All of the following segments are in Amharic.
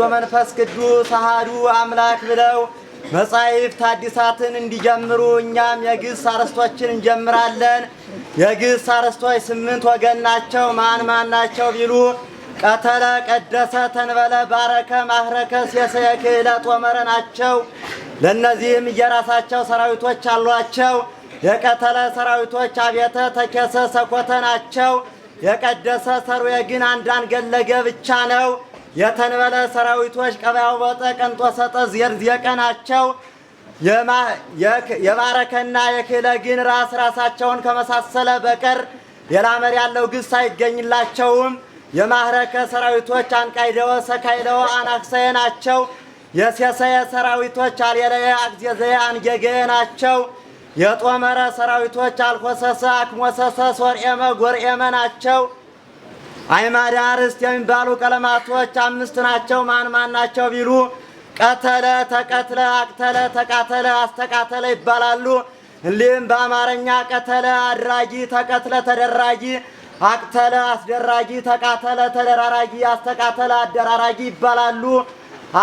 ወመንፈስ ቅዱስ አሃዱ አምላክ ብለው መጻሕፍት አዲሳትን እንዲጀምሩ እኛም የግስ አርዕስቶችን እንጀምራለን። የግስ አርዕስቶች ስምንት ወገን ናቸው። ማን ማን ናቸው ቢሉ ቀተለ፣ ቀደሰ፣ ተንበለ፣ ባረከ፣ ማህረከ፣ ሴሰየ፣ ክህለ፣ ጦመረ ናቸው። ለእነዚህም እየራሳቸው ሰራዊቶች አሏቸው። የቀተለ ሰራዊቶች አቤተ፣ ተኬሰ፣ ሰኮተ ናቸው። የቀደሰ ሰሩየ ግን አንዳንድ ገለገ ብቻ ነው። የተንበለ ሰራዊቶች ቀባው ወጠ ቀንጦ ሰጠዝ የቀናቸው የባረከና የክለ ግን ራስ ራሳቸውን ከመሳሰለ በቀር ሌላ መሪ ያለው ግስ አይገኝላቸውም። የማህረከ ሰራዊቶች አንቃይደወ ሰካይደወ አናክሰየ ናቸው። የሴሰየ ሰራዊቶች አልየለየ አግዜዘየ አንጌገየ ናቸው። የጦመረ ሰራዊቶች አልኮሰሰ አክሞሰሰ ሶርኤመ ጎርኤመ ናቸው። አይማዳ አርስት የሚባሉ ቀለማቶች አምስት ናቸው። ማን ማን ናቸው ቢሉ ቀተለ፣ ተቀትለ፣ አቅተለ፣ ተቃተለ፣ አስተቃተለ ይባላሉ። እንዲህም በአማርኛ ቀተለ አድራጊ፣ ተቀትለ ተደራጊ፣ አቅተለ አስደራጊ፣ ተቃተለ ተደራራጊ፣ አስተቃተለ አደራራጊ ይባላሉ።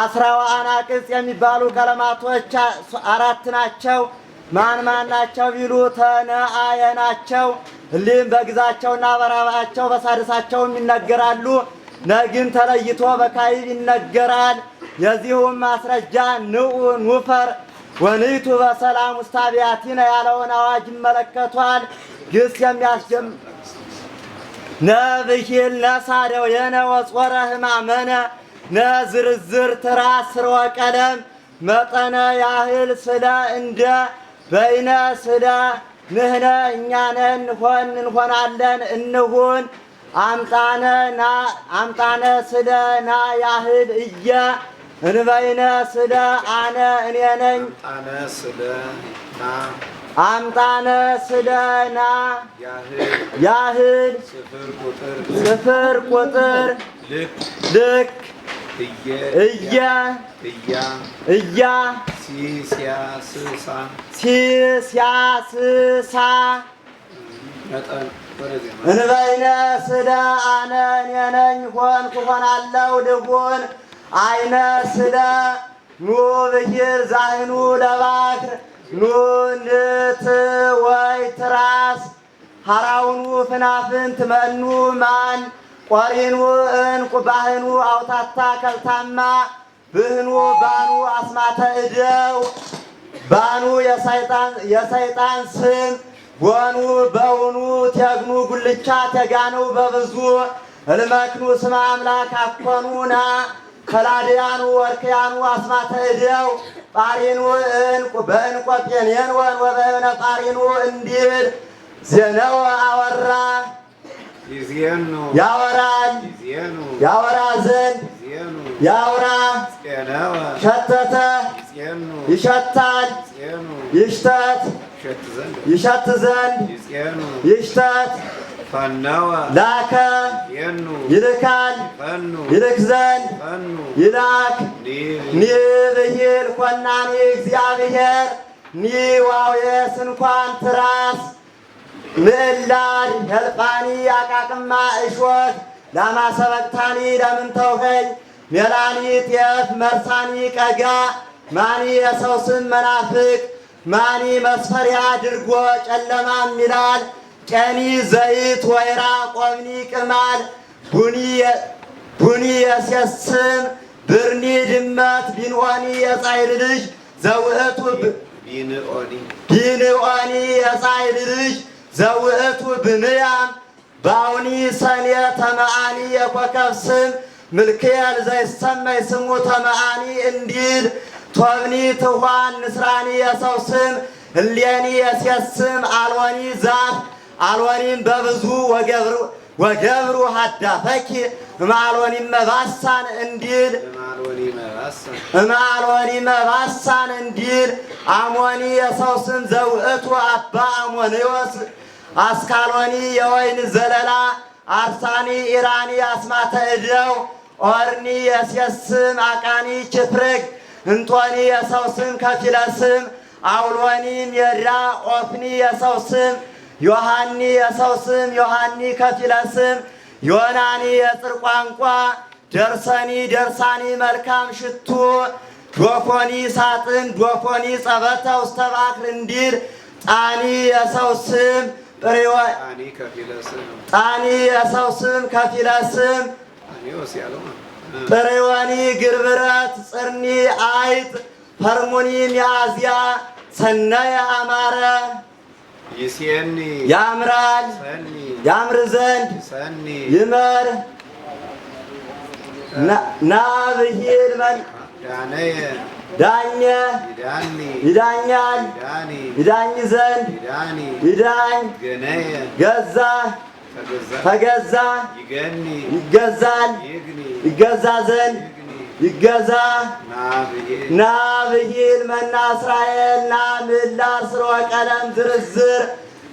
አስራዋ አናቅጽ የሚባሉ ቀለማቶች አራት ናቸው። ማን ማን ናቸው ቢሉ ተነአየ ናቸው። እሊህም በግዛቸውና በራባቸው በሳድሳቸውም ይነገራሉ። ነግን ተለይቶ በካይብ ይነገራል። የዚሁም ማስረጃ ንዑ ኑፈር ወንይቱ በሰላም ውስተ አብያቲነ ያለውን አዋጅ ይመለከቷል። ግስ የሚያስጀም ነብሂል ነሳደው የነ ወጾረ ህማመነ ነዝርዝር ትራስ ስርወ ቀለም መጠነ ያህል ስለ እንደ በይነ ስዳ ምህነ እኛነ እንሆን እንሆናለን እንሁን አምጣነ ና አምጣነ ስለ ና ያህል እየ እንበይነ ስለ አነ እኔ ነኝ አምጣነ ስለ ና ያህል ስፍር ቁጥር ልክ እየ እያ ሲሲያስሳ እንበይነ ስደ አነ እኔ ነኝ ሆንኩ ሆናለሁ ልሁን አይነ ስደ ኑ ብሂር ዛህኑ ለባክር ኑ ንት ወይ ትራስ ሀራውኑ ፍናፍንት መኑ ማን ቆሪኑ እንቁ ባህኑ አውታታ ከልታማ ብህኑ ባኑ አስማተ እደው ባኑ የሰይጣን ስም ጎኑ በውኑ ቴግኑ ጉልቻ ቴጋነው በብዙ እልመክኑ ስመ አምላክ አኮኑና ከላድያኑ ወርክያኑ አስማተ እደው ጳሪኑ እንቁ በእንቆ ወን ወበእብነ ጳሪኑ እንዲል ዜነው አወራ ያወራል ያወራ ዘንድ ያወራ ሸተተ ይሸታል ይሽተት ይሸት ዘንድ ይሽተት ላከ ይልካል ይልክ ዘንድ ይላክ ኒብ ይል ኮናኒ እግዚአብሔር ኒዋውየስ እንኳን ትራስ ምዕላድ ሄልጳኒ አቃቅማ እሾት ላማሰበቅታኒ ለምን ተውኸኝ ሜላኒ ጤፍ መርሳኒ ቀጋ ማኒ የሰው ስም መናፍቅ ማኒ መስፈሪያ አድርጎ ጨለማም ይላል ቄኒ ዘይት ወይራ ቆብኒ ቅማል ቡኒ የሴት ስም ብርኒ ድመት ቢንኦኒ የፀሐይ ልጅ ዘውእቱ ቢንኦኒ የፀሐይ ልጅ ዘውእቱ ብንያም ባውኒ ሰኔ ተመአኒ የኮከብ ስም ምልክያን ዘይሰማይ ስሙ ተመአኒ እንዲል ቶብኒ ትኋን ንስራኒ የሰው ስም እሌኒ የሴት ስም አልወኒ ዛፍ አልወኒም በብዙ ወገብሩ ሀዳፈኪ እማልወኒ መባሳን እንዲል እማልወኒ መባሳን እንዲል አሞኒ የሰው ስም ዘውእቱ አባ አሞንዮስ አስካሎኒ የወይን ዘለላ አርሳኒ ኢራኒ አስማተ እደው ኦርኒ የሴስም አቃኒ ችፍርግ እንጦኒ የሰው ስም ከፊለ ስም አውሎኒ ሜዳ ኦፍኒ የሰው ስም ዮሐኒ የሰው ስም ዮሐኒ ከፊለ ስም ዮናኒ የጥር ቋንቋ ደርሰኒ ደርሳኒ መልካም ሽቱ ዶፎኒ ሳጥን ዶፎኒ ጸበተ ውስተ ባሕር እንዲር ጣኒ የሰው ስም ጣኒ የሰው ስም ከፊለ ስም በረዋኒ ግርብረት ጽርኒ አይጥ ፈርሙኒ ሚያዝያ ሰናይ አማረ ያምራል ያምር ዘንድ ይመር ናብሂል ዳኘ ይዳኛል ይዳኝ ዘንድ ይዳኝ ገዛ ተገዛ ይገዛል ይገዛ ዘንድ ይገዛ ናብሂል መና እስራኤል ና ምህላር ስሮ ቀለም ዝርዝር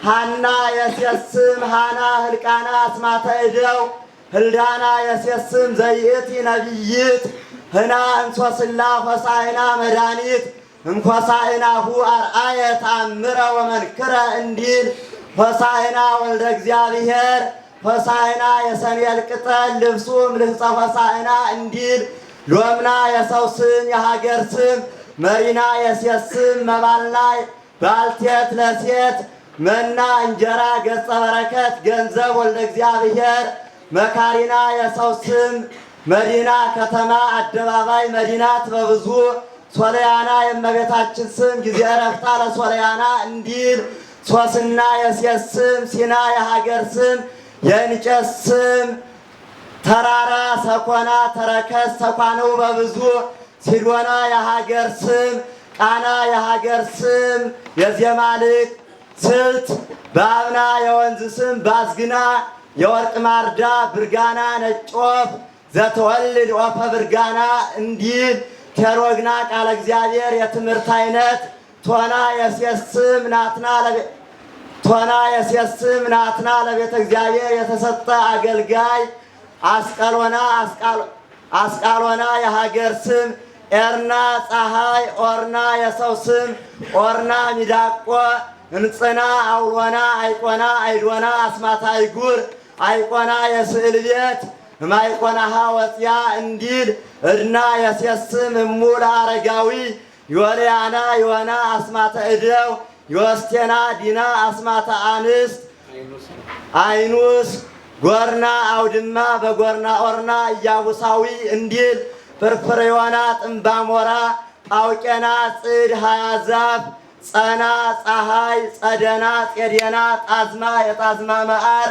ሃና የሴት ስም ሃና ህልቃና አስማተ እደው ህልዳና የሴት ስም ዘይእቲ ነቢይት ህና እንሶስላ ሆሳዕና መድኃኒት እንኮሳዕናሁ አርአየ ተአምረ ወመንክረ እንዲል ሆሳዕና ወልደ እግዚአብሔር ሆሳዕና የሰኔል ቅጠል ልብሱም ልህፀ ሆሳዕና እንዲል ሎምና የሰው ስም የሀገር ስም መሪና የሴት ስም መባልና ባልቴት ለሴት መና እንጀራ ገጸ በረከት ገንዘብ ወልደ እግዚአብሔር መካሪና የሰው ስም መዲና ከተማ አደባባይ መዲናት በብዙ ሶለያና የእመቤታችን ስም ጊዜ ረፍታ ለሶለያና እንዲል ሶስና የሴት ስም፣ ሲና የሀገር ስም፣ የእንጨት ስም፣ ተራራ፣ ሰኮና፣ ተረከስ ተኳነው በብዙ ሲዶና የሀገር ስም፣ ቃና የሀገር ስም፣ የዜማልክ ስልት፣ በአብና የወንዝ ስም፣ ባዝግና የወርቅ ማርዳ፣ ብርጋና፣ ነጭ ወፍ ዘተወልድ ወፈ ብርጋና እንዲል ቴሮግና ቃለ እግዚአብሔር የትምህርት አይነት ቶና የሴስም ናትና ቶና የሴስም ናትና ለቤተ እግዚአብሔር የተሰጠ አገልጋይ አስቀሎና አስቃሎና የሀገር ስም ኤርና ፀሐይ ኦርና የሰው ስም ኦርና ሚዳቆ እንጽና አውሎና አይቆና አይዶና አስማታይ ጉር አይቆና የስዕል ቤት ማይቆናሃ ወፅያ እንዲል እድና የሴት ስም እሙል አረጋዊ ዮልያና ዮና አስማተ እደው ዮስቴና ዲና አስማተ አንስት አይኑስ ጎርና አውድማ በጎርና ኦርና ኢያቡሳዊ እንዲል ፍርፍር ዮና ሞራ ጳውቄና ጽድ ሃያዛፍ ጸና ፀሐይ ጸደና ጼዴና ጣዝማ የጣዝማ መዓር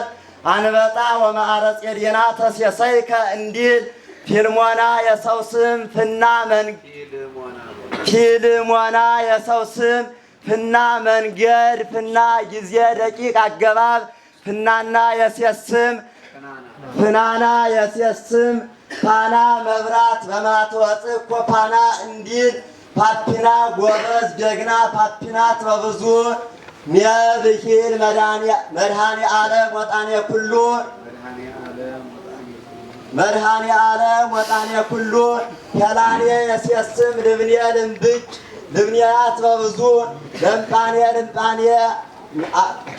አንበጣ ወመዓረ ጼዴና ተሴሰይከ እንዲል ፊልሞና የሰው ስም ፍና መንግ ፊልሞና የሰው ስም ፍና መንገድ ፍና ጊዜ ደቂቅ አገባብ ፍናና የሴት ስም ፍናና የሴት ስም ፓና መብራት በማትወጥ እኮ ፓና እንዲል ፓፒና ጎበዝ ጀግና ፓፒናት በብዙ ሚያ ብሂል መድኃኔ ዓለም ወጣኔ ኩሉ መድኃኔ ዓለም ወጣኔ ኩሉ ሄላኔ የሴስም ልብኔ ልንብጭ ልብኔ አትበብዙ ለምጣኔ ልምጣኔ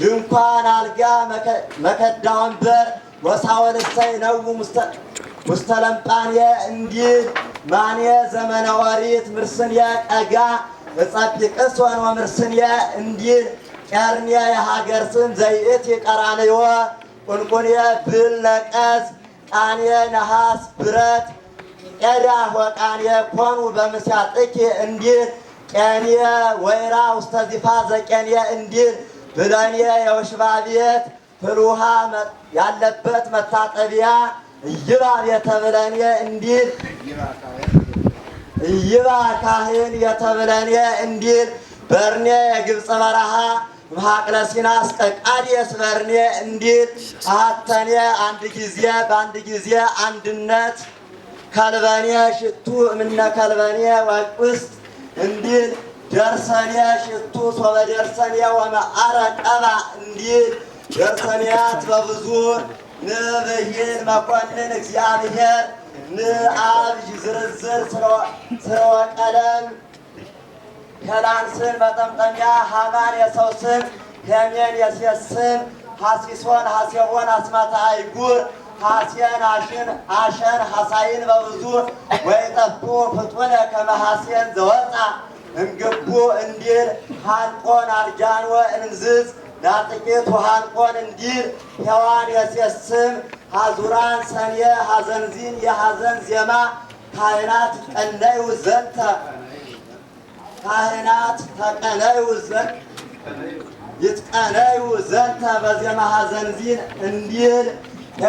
ድንኳን አልጋ መከዳ ወንበር ወሳወል እሰይ ነው ሙስተለምጣኔ እንዲል ማኔ ዘመነ ኦሪት ምርስንየ ቀጋ እጸጲቅስ ወኖ ምርስንየ እንዲል ቄርኔ የሀገር ስም ዘይእቲ ቀራንዮ ቁንቁንየ ብል ነቀዝ ቃኔ ነሐስ ብረት ቄዳ ወቃንየ ኮኑ ጥቂ እንዲል ቄንየ ወይራ ውስተ ዚፋ ዘቄንየ እንዲል ብለንየ የውሽባ ቤት ፍሉሃ ያለበት መታጠቢያ እይባ ቤተ ብለንየ እንዲል እይባ ካህን የተብለንየ እንዲል በርኔ የግብፅ በረሃ በሀቅለ ሲና እስከ ቃዴስ በርኔ እንዲል አሐተኔ አንድ ጊዜ በአንድ ጊዜ አንድነት ከልበኔ ሽቱ እምነ ከልበኔ ወቅስት እንዲል ደርሰኔ ሽቱ ሶበ ደርሰኔ ወመአረ ቀባ እንዲል ደርሰኔያት በብዙ ንብይን መኮንን እግዚአብሔር ንአብ ዝርዝር ስረወ ቀለም ከላን ስም መጠምጠሚያ፣ ሃማን የሰው ስም፣ ሄሜን የሴት ስም፣ ሐሲሶን ሐሴቦን አስማተ አይጉር ሐሴን አሽን አሸን ሐሳይን በብዙ ወይጠፉ ፍጡነ ከመ ዘወጣ እምግቡ እንዲል ሃንቆን አርጃንወ እንዝዝ ዳጥቂት ሃንቆን እንዲል ሔዋን የሴት ስም ሐዙራን ሰንየ ሐዘንዚን የሐዘን ዜማ ካህናት ቀነዩ ዘንተ ካህናት ተቀለዩ ዘንድ ይትቀለዩ ዘንተ በዜማ ሐዘንዚን እንዲል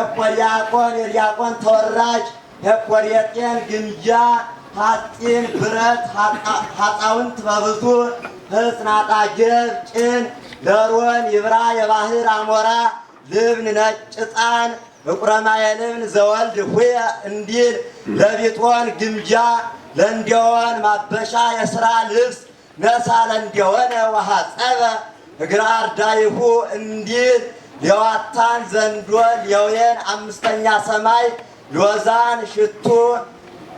ኤቆዲያቆን የዲያቆን ተወራጅ ኤቆዴጤን ግምጃ ሀጢን ብረት ሀጣውንት በብዙ ህጽናጣጀብ ጭን ደሮን ይብራ የባህር አሞራ ልብን ነጭ ጣን እቁረማ የልብን ዘወልድ ሁየ እንዲል ለቢጦን ግምጃ ለእንዲሆን ማበሻ የሥራ ልብስ ነሳ ለእንዲሆነ ውሃ ጸበ እግራ አርዳይሁ እንዲል ሊዋታን ዘንዶ ሌዌን አምስተኛ ሰማይ ሎዛን ሽቱ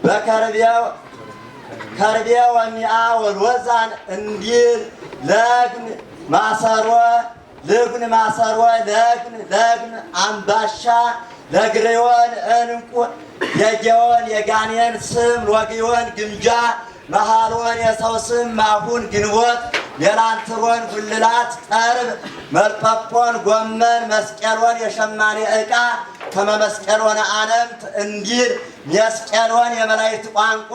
በከርቤው ከርቤ ወሚያ ወልወዛን እንዲል ለግን ማሰሮ ልግን ማሰሮ ለግን ለግን አምባሻ ለግሬወን እንቁ የጌዎን የጋኔን ስም ሎጊዮን ግምጃ መሃልወን የሰው ስም ማሁን ግንቦት የላንትሮን ጉልላት ጠርብ መልጠጶን ጎመን መስቀሎን የሸማኔ ዕቃ ከመመስቀሎን አለምት እንዲል መስቀሎን የመላእክት ቋንቋ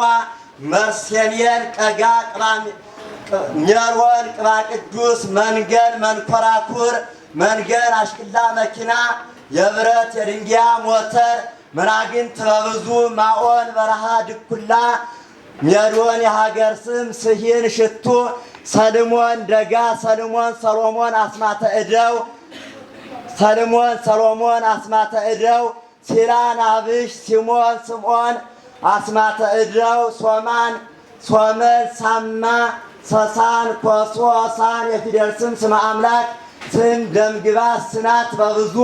መርሴኔን ቀጋ ሜሮን ቅባ ቅዱስ መንገድ መንኮራኩር መንገድ አሽክላ መኪና የብረት የድንጊያ ሞተር መናግንት ትበብዙ ማኦን በረሃ ድኩላ ሜዶን የሀገር ስም ስሂን ሽቱ ሰልሞን ደጋ ሰልሞን ሰሎሞን አስማተ እደው ሰልሞን ሰሎሞን አስማተ እደው ሲራን አብሽ ሲሞን ስምዖን አስማተ እደው ሶማን ሶመን ሳማ ሰሳን ኮሶ ሳን የፊደል ስም ስመ አምላክ ስም ደምግባ ስናት በብዙ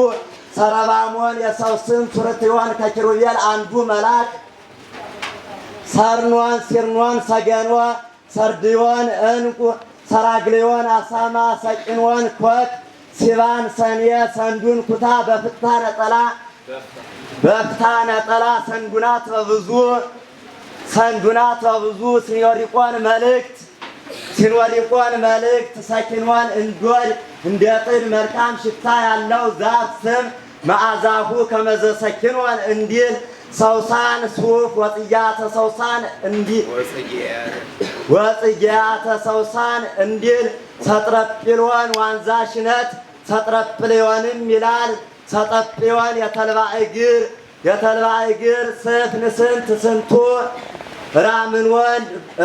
ሰረባሞን የሰው ስም ቱርትዮን ከኪሩቤል አንዱ መልአክ ሰርኖን ሲርኖን ሰገኖ ሰርድዮን እንቁ ሰራግሌዮን አሳማ ሰቂኖን ኮት ሲባን ሰንየ ሰንዱን ኩታ በፍታ ነጠላ በፍታ ነጠላ ሰንዱናት በብዙ ሰንዱናት በብዙ ሲኖሪቆን መልእክት ሲኖሪቆን መልእክት ሰኪኖን እንዶድ እንደ ጥድ መልካም ሽታ ያለው ዛፍ ስም መዓዛሁ ከመዘ ሰኪኖን እንዲል ሰውሳን ሱፍ ወጽያተ ሰውሳን እንዲል ወጽያተ ሰውሳን እንዲል ሰጥረጵሎን ዋንዛ ሽነት ሰጥረጵልዮንም ይላል ሰጠጵዮን የተልባ እግር የተልባ እግር ስፍ ንስንት ስንቱ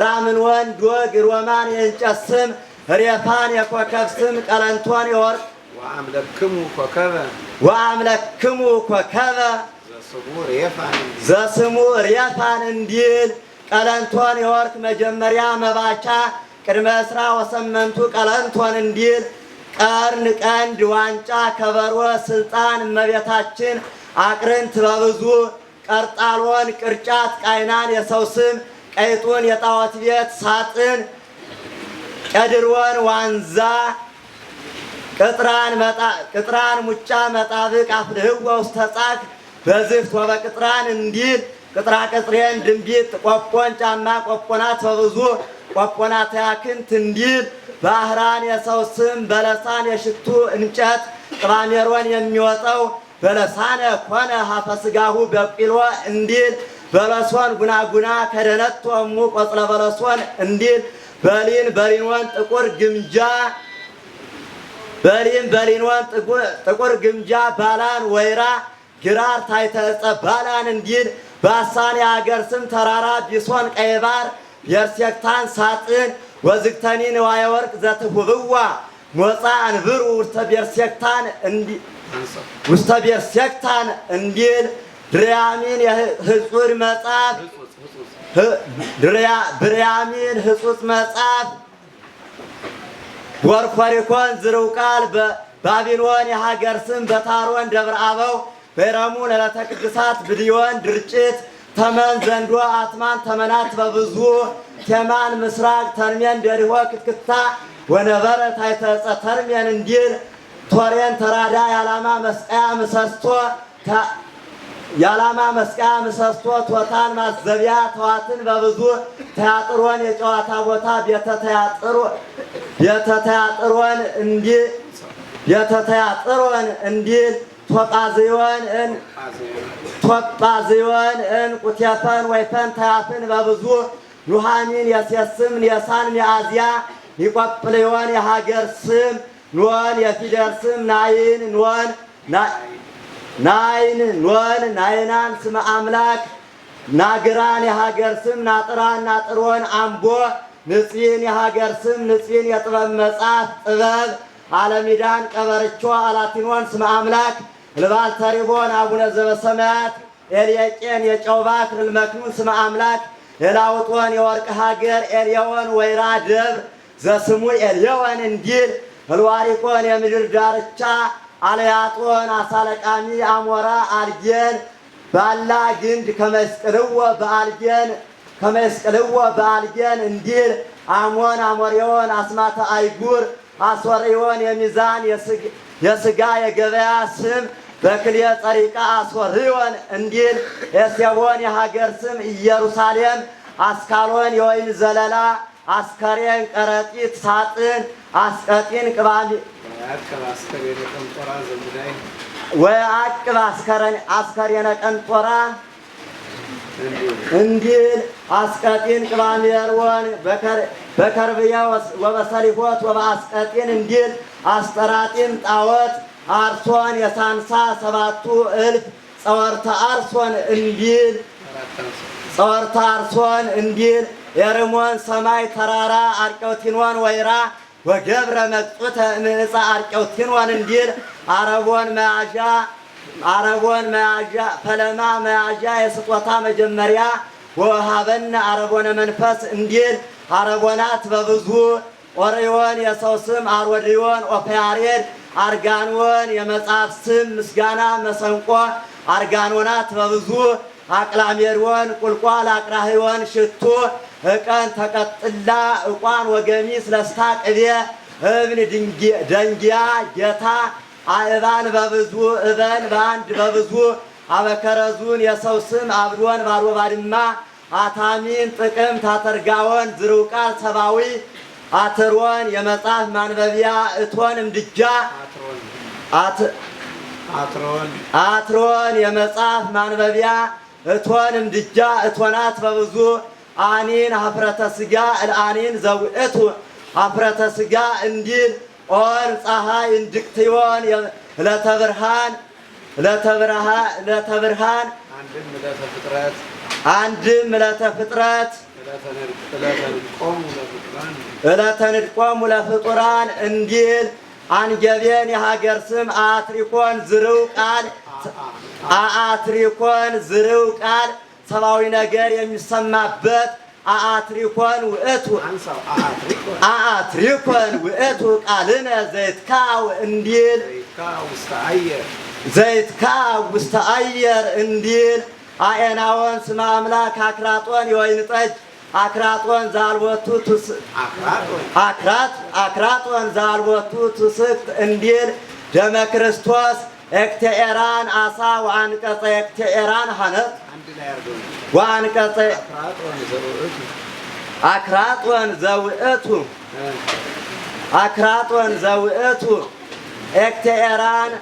ራምን ወንድ ወግ ሮማን የእንጨት ስም ሬፋን የኮከብ ስም ቀለንቶን የወርቅ ወአምለክሙ ኮከበ ዘስሙ ሬፋን እንዲል ቀለንቶን የወርቅ መጀመሪያ መባቻ ቅድመ ስራ ወሰመንቱ ቀለንቶን እንዲል ቀርን፣ ቀንድ፣ ዋንጫ፣ ከበሮ፣ ስልጣን እመቤታችን አቅርንት በብዙ ቀርጣሎን፣ ቅርጫት፣ ቃይናን የሰው ስም ቀይጡን የጣዖት ቤት ሳጥን፣ ቀድርወን ዋንዛ ቅጥራን ሙጫ መጣብቅ አፍልህዋ ውስተ ጻክ በዝፍት ወበቅጥራን እንዲል ቅጥራ ቅጥሬን ድንቢት ቆቆን ጫማ ቆቆና በብዙ ቆቆና ያክንት እንዲል ባህራን የሰው ስም በለሳን የሽቱ እንጨት ቅባሜሮን የሚወጣው በለሳነ ኮነ ሀፈስጋሁ በቂሎ እንዲል በለሶን ጉናጉና ከደነቶ እሙ ቆጽለ በለሶን እንዲል በሊን በሊኖን ጥቁር ግምጃ በሊን በሊንዋን ጥቁር ግምጃ ባላን ወይራ ግራር ታይተጸ ባላን እንዲል በአሳን የአገር ስም ተራራ ቢሶን ቀይባር የርሴክታን ሳጥን ወዝግተኒ ንዋየ ወርቅ ዘትሁብዋ ሞፃ አንብሩ ውስተ ቤርሴክታን ውስተ ቤርሴክታን እንዲል ድርያሚን የህጹድ መጽሐፍ ብርያሚን ህጹጽ መጽሐፍ ወርኮሪኮን ዝርው ቃል ባቢሎን የሀገር ስም በታሮን ደብረ አበው በረሙ ለዕለተ ቅዱሳት ብድዮን ድርጭት ተመን ዘንዶ አትማን ተመናት በብዙ ቴማን ምስራቅ ተርሜን ደሪሆ ክትክታ ወነበረ ታይተጸ ተርሜን እንዲል ቶሬን ተራዳ የዓላማ መስቀያ ምሰስቶ የዓላማ መስቀያ ምሰሶ ቶታን ማዘቢያ ተዋትን በብዙ ተያጥሮን የጨዋታ ቦታ ቤተተያጥሮን እንዲል ቤተተያጥሮን እንዲል ቶጳዝዮን እን ቶጳዝዮን እን ቁቴፈን ወይፈን ተያፍን በብዙ ኑሃሚን የሴት ስም የሳን ሚያዝያ ኒቆጵልዮን የሀገር ስም ኖን የፊደር ስም ናይን ኖን ናይን ኖን ናይናን ስመ አምላክ ናግራን የሀገር ስም ናጥራን ናጥሮን አምቦ ንጽህን የሀገር ስም ንጽህን የጥበብ መጽሐፍ ጥበብ አለሚዳን ቀበርቾ አላቲኖን ስመ አምላክ ልባል ተሪቦን አቡነ ዘበሰማያት ኤልየቄን የጨውባት ልልመክኑን ስመ አምላክ የላውጦን የወርቅ ሀገር ኤልየወን ወይራ ደብር ዘስሙ ኤልየወን እንዲል ህልዋሪቆን የምድር ዳርቻ አለያጦን አሳለቃሚ አሞራ አልጌን ባላ ግንድ ከመስቅልዎ በአልጌን ከመስቅልዎ በአልጌን እንዲል አሞን አሞሬዎን አስማተ አይጉር አሶሬዎን የሚዛን የስጋ የገበያ ስም በክልኤ ጸሪቃ አሶርዮን እንዲል ኤሴቦን የሀገር ስም ኢየሩሳሌም አስካሎን የወይን ዘለላ አስከሬን ቀረጢት ሳጥን አስቀጢን ቅባሚ ወአቅብ አስከሬነ ቀንጦራ እንዲል አስቀጢን ቅባ ሜሮን በከርብያ ወበአስቀጢን እንዲል አስጠራጢን ጣወት አርሶን የሳንሳ ሰባቱ እልፍ ጸወርተ አርሶን እንዲል ጸወርተ አርሶን እንዲል የርሞን ሰማይ ተራራ አርቀውቲኖን ወይራ ወገብረ መጡተ ምዕፃ አርቀው ቲኗን እንዲል አረቦን መያዣ አረቦን መያዣ ፈለማ መያዣ የስጦታ መጀመሪያ ወሃበነ አረቦነ መንፈስ እንዲል አረቦናት በብዙ ኦሪዮን የሰው ስም አርወድዮን ኦፓያሬድ አርጋኖን የመጽሐፍ ስም ምስጋና መሰንቆ አርጋኖናት በብዙ አቅላሜድወን ቁልቋል አቅራህዮን ሽቱ እቀን ተቀጥላ እቋን ወገሚ ስለስታ ቅቤ እብን ደንጊያ ጌታ አእባን በብዙ እበን በአንድ በብዙ አበከረዙን የሰው ስም አብዶን ባሮ ባድማ አታሚን ጥቅም ታተርጋወን ዝርውቃል ሰባዊ አትሮን የመጽሐፍ ማንበቢያ እቶን እምድጃ አትሮን የመጽሐፍ ማንበቢያ እቶን እምድጃ እቶናት በብዙ አኒን ሀፍረተ ስጋ አኒን ዘውእቱ ሀፍረተ ስጋ እንዲል ኦን ፀሐይ እንድክትዮን ለተብርሃን ለተብርሃን አንድም ለተፍጥረት እለተንድቆሙ ለፍጡራን እንዲል አንገቤን የሀገር ስም አትሪኮን ዝርው ቃል አአትሪኮን ዝርው ቃል ሰብአዊ ነገር የሚሰማበት አአትሪኮን ውእቱ አአትሪኮን ውእቱ ቃልነ ዘይትካው እንዲል ዘይትካው ውስተ አየር እንዲል አኤናወን ስመ አምላክ አክራጦን የወይን ጠጅ አክራጦን ዛልወቱ አክራጦን ዛልወቱ ትስክት እንዲል ደመ ክርስቶስ እክትኤራን አሳ ወአንቀጸ እክትኤራን ሐነት ወአንቀጸ አክራጦን ዘውእቱ አክራጦን ዘውእቱ እክትኤራን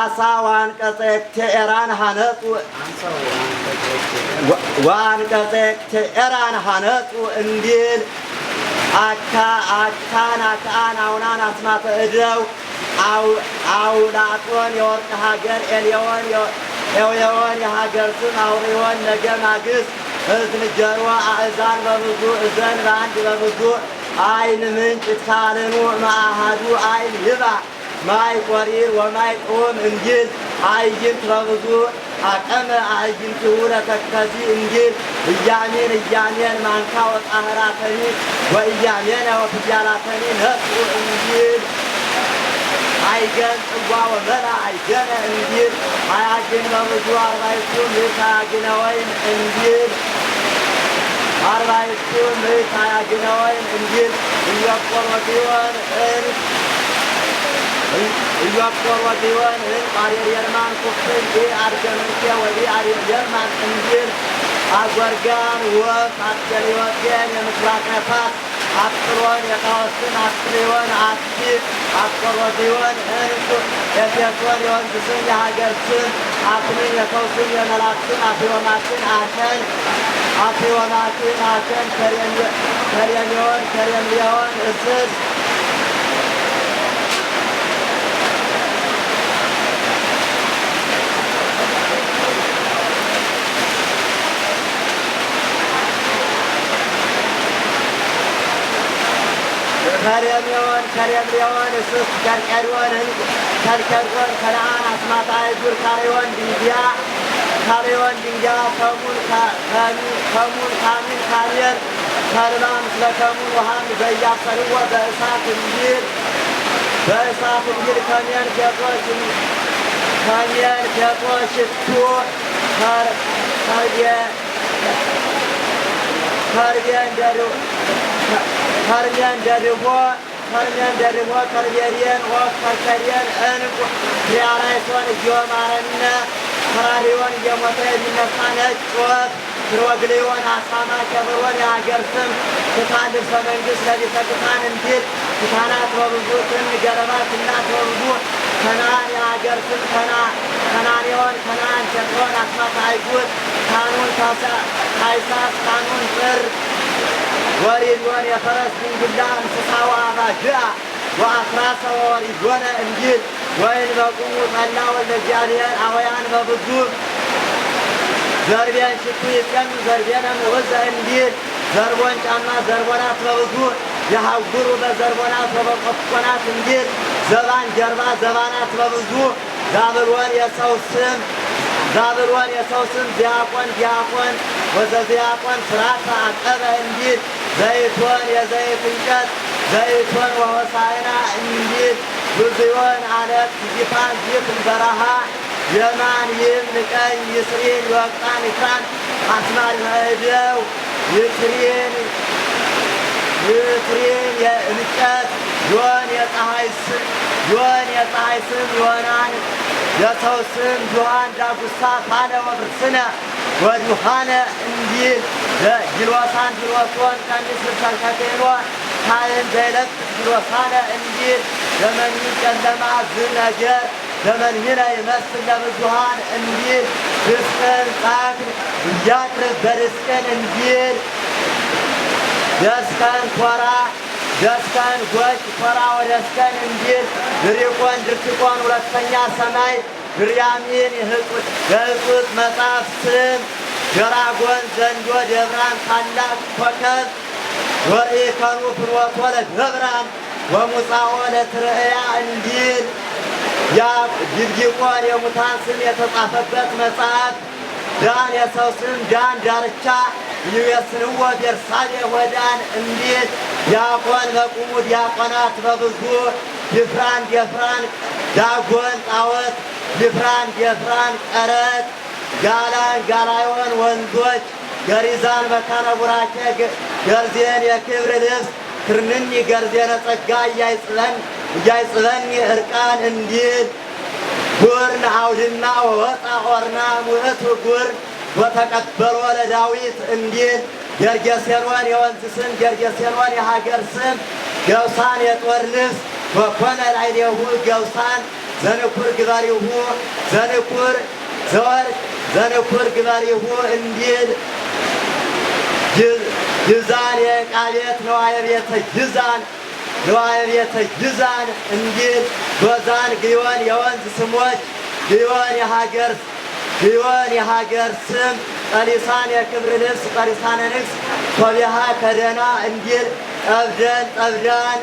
አሳ ወአንቀጸ እክትኤራን ሐነጡ ወአንቀጸ እክትኤራን ሐነጡ እንዲል አካ አካን አክአን አውናን አስማተ እደው አውላጦን የወርቅ ሀገር ኤልዮን ኤውዮን የሀገር ስም አውሪዮን ነገ ማግስት ሕዝን ጀሮ አእዛን በብዙ እዘን በአንድ በብዙ አይን ምንጭ ታልኑ ማአሃዱ አይን ይባ ማይ ቆሪር ወማይ ጦም እንዲል አይይንት በብዙ አቀመ አይይንት ውረ ተከዚ እንዲል እያሜን እያሜን ማንካ ወጣህራተኒ ወእያሜን ወፍያላተኒ ነጡ እንዲል አይገን ጽዋ ወበላ አይገነ እንዲል ሀያግን በብዙ አርባይቱ ምዕት ሀያግነ ወይን እንዲል አርባይቱ ምዕት ወይን እንዲል እያቆሮቲወን እን እያቆሮቲወን እን አሬር የርማን ኩፍን አርገምንቴ ወዲ አሬር የርማን እንዲል አጓርጋን ወፍ አትገሊወቴን የምስራቅ ነፋስ አስጥሮን የካወስን አስጥሪዮን አስቲ አስቆሮዲዮን እንስ የቴሶን የወንዝ ስም የሀገር ስም አስምን የሰውስን የመላክስን አፊዮማስን አሸን አፊዮማስን አሸን ከሬሚዮን ከሬሚዮን እስስ كريم يوان كريم يوان سوس كركروان كركروان كران اسماء تايجور كريوان دنيا كريوان دنيا كمون كامي كمون كامي كريم كران سلا كمون وهم بيا كروا بس أكمل بس أكمل كريم كبوش كريم كبوش تو كار كريم كريم جرو ፓርሚያን ዳደጓ ፓርሚያን ዳደጓ ካልቢያድያን ዋ ካርካዲያን እንቁ ሪያራይቷን እየማረነ ተራሪዮን እየሞተ የሚነፋ ነጭ ወፍ ትሮግሌዮን አሳማ ከብሮን የሀገር ስም ክታን ልብሰ መንግስት ለቤተ ክታን እንዲል ክታናት በብዙ ትን ገለባት እናት በብዙ ከናን የሀገር ስም ከና ከናኔዮን ከናን ቸትሮን አስማት አይጉት ካኑን ታይሳስ ካኑን ጥር ወሪዶን የፈረስ ድንግላ እንስሳዋ ባድአ ወአፍራሰ ወሪዶነ እንዲል ወይን በቁሙ ጠላ ወልደ እግዚአብሔር አወያን በብዙር ዘርቤን ሽቱ ይስቀም ዘርቤነ ምዑዘ እንዲል ዘርቦን ጫማ ዘርቦናት በብዙር የሀጉሩ በዘርቦናት በበቆፍቆናት እንዲል ዘባን ጀርባ ዘባናት በብዙ ዛብሎን የሰው ስም ዛብሎን የሰው ስም ዲያቆን ዲያቆን ወዘዲያቆን ስራታ አቀበ እንዲል ዘይቶን የዘይት እንጨት ዘይቶን ወሆሳይና እንዲል ብዙዮን አለት ጊፋን ዚፍን በረሃ የማን ይህም ንቀኝ ይስሪን ይወቅጣን ይፍራን አስማል መእደው ይስሪን ይኩሪም የእንጨት ዮን የፀሐይ ስም ዮን የፀሐይ ስም ዮናን የሰው ስም ዮሐን ዳጉሳ ፋነ ወብርስነ ወዮሐነ እንዲህ ጊሎሳን ጊሎሶን ቀንስ ልብሳሻቴኖ ታይን ዘይለጥ ጊሎሳነ እንዲህ ዘመኒ ጨለማ ዝነገር ዘመንህነ ይመስል ለብዙሃን እንዲህ ድስቅን ጻክን እያድርስ በድስቅን እንዲል ደስከን ኮራ ደስከን ጎጭ ኮራ ወደስከን እንዲል ድሪቆን ድርቲቆን ሁለተኛ ሰማይ ብርያሚን የህጡት መጽሐፍ ስም ጀራጎን ዘንዶ ደብራን ታላቅ ኮከብ ወኢከኑ ፍኖቶ ለደብራን ወሙፃኦ ለትርዕያ እንዲል ያ ድልጊቆን የሙታን ስም የተጻፈበት መጽሐፍ ዳን የሰው ስም ዳን ዳርቻ ይቤስርዎ ቤርሳሌ ወዳን እንዴት ዲያቆን በቁሙ ዲያቆናት በብዙ ድፍራን ዴፍራን ዳጎን ጣወት ድፍራን ዴፍራን ቀረት ጋላን ጋላዮን ወንዞች ገሪዛን መካነ ገርዜን የክብር ልብስ ክርንኒ ገርዜነ ጸጋ እያይጽበኒ እርቃን እንዲል ጉርን አውድና ወወጣ ኦርና ውእቱ ጉርን ወተቀበሎ ለዳዊት እንዲል ጌርጌሴኖን የወንዝ ስም፣ ጌርጌሴኖን የሀገር ስም፣ ገብሳን የጦር ልብስ ወኮነ ላዕሌሁ ገብሳን ዘንኩር ግበሪሁ ዘንኩር ዘወርቅ ዘንኩር ግበሪሁ እንዲል ጅዛን የቃቤት ቤት ነዋየ ቤተ ጅዛን ነዋየ ቤተ ጅዛን እንዲል ዶዛን ግዮን የወንዝ ስሞች ግዮን የሀገር ቢወን የሀገር ስም ጠሊሳን የክብር ልብስ ጠሊሳነ ንግስ ኮቢሃ ከደና እንዲል ጠብደን ጠብዳን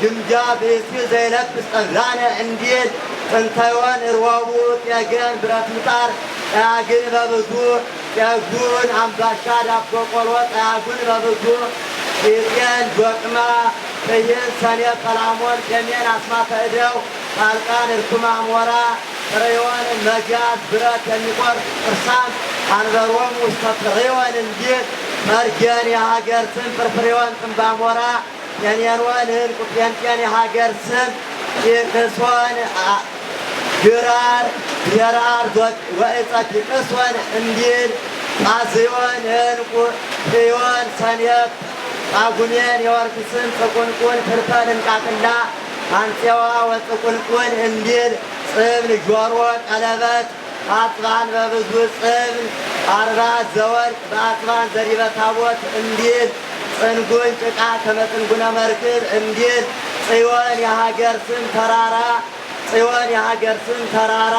ግምጃ ብእሲ ዘይለብስ ጠብዳነ እንዲል ጥንታዮን እርዋቡ ጤገን ብረት ምጣር ጠያግን በብዙ ጤጉን አምባሻ ዳቦ ቆሎ ጠያጉን በብዙ ጤጤን ዶቅማ ጥይን ሰኔ ቀላሞን ጤሜን አስማፈ እደው ጣልቃን እርኩማ ሞራ ሬዋን የሆነ መጃት ብረት የሚቆርጥ እርሳን አንበሮም ውስተ ፍሬወን እንዲል መርገን የሀገር ስም ፍርፍሬዋን ጥንባሞራ ጤኔንወን ህልቁ ጴንጤን የሀገር ስም ጢቅሶን ግራር የራር ወእፀ ጢቅሶን እንዲል ጣዝዮን ህልቁ ጥዮን ሰኔት ጳጉሜን የወርቅ ስም ጥቁንቁን ፍርፈን እንቃቅላ አንፄዋ ወጥቁንቁን እንዲል ጽብል ጆሮ ቀለበት አጽባን በብዙ ጽብል አርባ ዘወርቅ በአጽባን ዘሪበ ታቦት እንዲል ጽንጉን ጭቃ ከመጽንጉነ መርክር እንዲል ጽዮን የሀገር ስም ተራራ ጽዮን የሀገር ስም ተራራ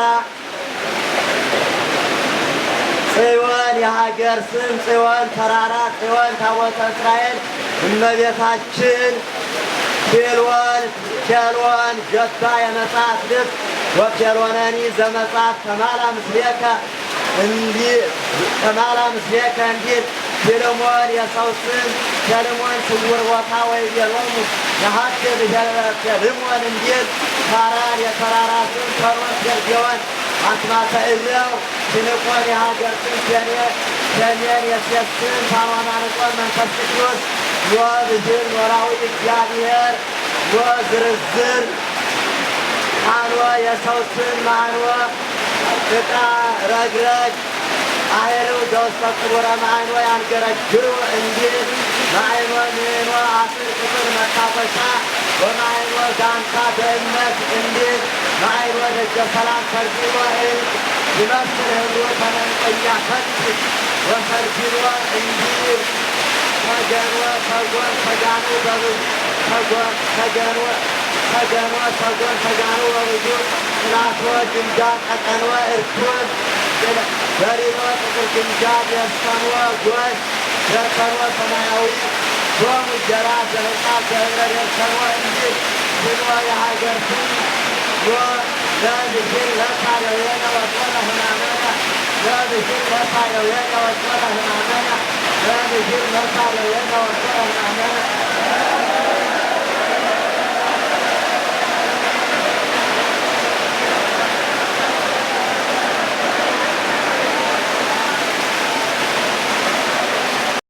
ጽዮን የሀገር ስም ጽዮን ተራራ ጽዮን ታቦተ እስራኤል እመቤታችን ኬልወን ኬልወን ጀባ የመጽሐፍ ልብስ وكروناني زمصاف كمالا مسليكا اندي كمالا مسليكا اندي كلمون يا صوصن كلمون سور وطا ويدي لوم نهات بجل كلمون اندي كارار يا كراراتون كروس يا أنت ما تعلم تنقل يا هاجر تنقل تنقل يا سيستن فاوانا نقل من تسكتوس وزر وراوي اكيابير وزر الزر መሐንወ የሰው ስም መሐንወ ፍቃ ረግረግ አሄለው ዘውስተ ቅቡረ መሐንወ ያንገረግሩ እንዲል መሐንወ ምንወ አስር ቁጥር መታፈሻ ወመሐንወ ጋንታ በእምነት እንዲል መሐንወ ደጀ ሰላም ፈርጊወ እልቅ ይመስል ህብሮ ተመንቆያ ፈትሽ ወፈርጊወ እንዲል ተገንወ ተጎን ተጋኑ በብዙ ተገንወ خدنوة صدون خدانوة وجود خلاصوة جمجان حقنوة ارتون برينوة قطر جمجان يسخنوة قوش يرخنوة سماوي قوم الجراس القاس غير يرخنوة انجيل بنوة يهاجر سن و لا بشير لقى لوينا وطولة هنا منا لا بشير لقى لوينا وطولة هنا منا لا بشير لقى لوينا وطولة هنا منا